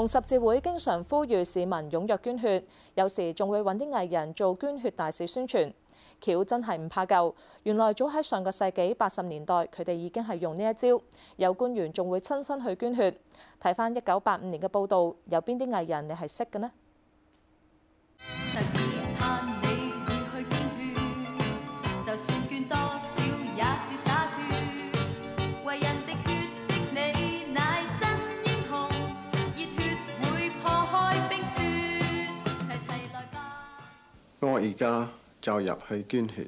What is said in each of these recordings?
紅十字會經常呼籲市民踴躍捐血，有時仲會揾啲藝人做捐血大使宣傳。橋真係唔怕舊，原來早喺上個世紀八十年代，佢哋已經係用呢一招。有官員仲會親身去捐血。睇翻一九八五年嘅報道，有邊啲藝人你係識嘅呢？我而家就入去捐血，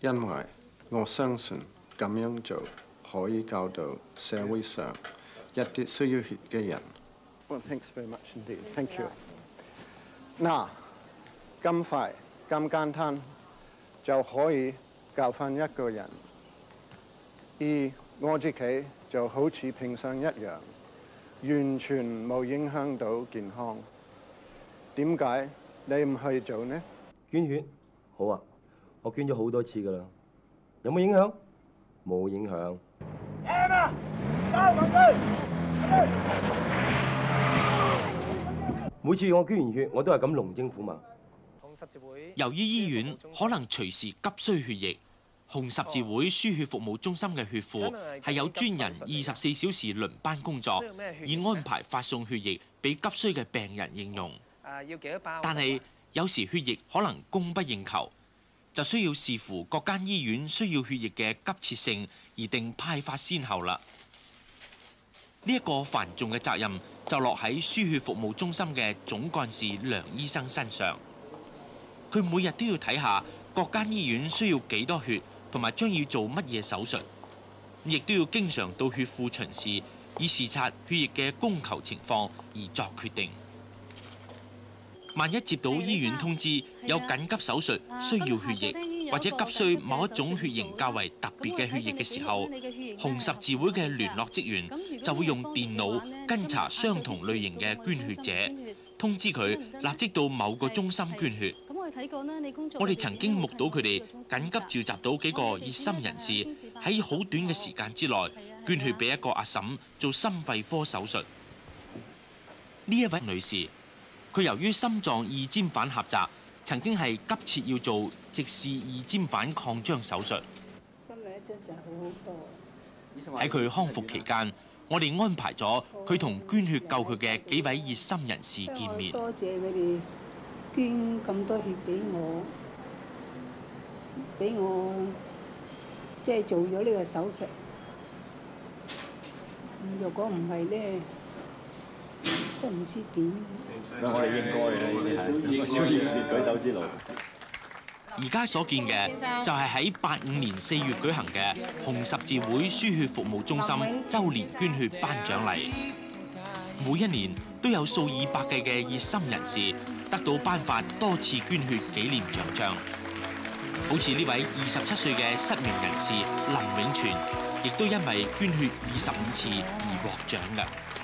因為我相信咁樣做可以救到社會上一啲需要血嘅人。Well, thanks very much indeed. Thank you. 嗱，咁快咁簡單就可以救返一個人，而我自己就好似平常一樣，完全冇影響到健康。點解？你唔去做呢？捐血好啊，我捐咗好多次噶啦，有冇影響？冇影響。Emma，加黃磚。每次我捐完血，我都係咁龍精虎猛。紅十字會由於醫院可能隨時急需血液，紅十字會輸血服務中心嘅血庫係有專人二十四小時輪班工作，以安排發送血液俾急需嘅病人應用。要但係有時血液可能供不應求，就需要視乎各間醫院需要血液嘅急切性而定派發先後啦。呢、這、一個繁重嘅責任就落喺輸血服務中心嘅總幹事梁醫生身上。佢每日都要睇下各間醫院需要幾多血，同埋將要做乜嘢手術，亦都要經常到血庫巡視，以視察血液嘅供求情況而作決定。萬一接到醫院通知有緊急手術需要血液，或者急需某一種血型較為特別嘅血液嘅時候，紅十字會嘅聯絡職員就會用電腦跟查相同類型嘅捐血者，通知佢立即到某個中心捐血。我哋曾經目睹佢哋緊急召集到幾個熱心人士，喺好短嘅時間之內捐血俾一個阿嬸做心肺科手術。呢一位女士。佢由於心臟二尖瓣狹窄，曾經係急切要做直視二尖瓣擴張手術。今日一張成好好多。喺佢康復期間，我哋安排咗佢同捐血救佢嘅幾位熱心人士見面。多謝佢哋捐咁多血俾我，俾我即係做咗呢個手術。如果唔係咧。都唔知點。我哋應該咧，舉手之勞。而家所見嘅就係喺八五年四月舉行嘅紅十字會輸血服務中心周年捐血頒獎禮。每一年都有數以百計嘅熱心人士得到頒發多次捐血紀念獎章。好似呢位二十七歲嘅失明人士林永全，亦都因為捐血二十五次而獲獎噶。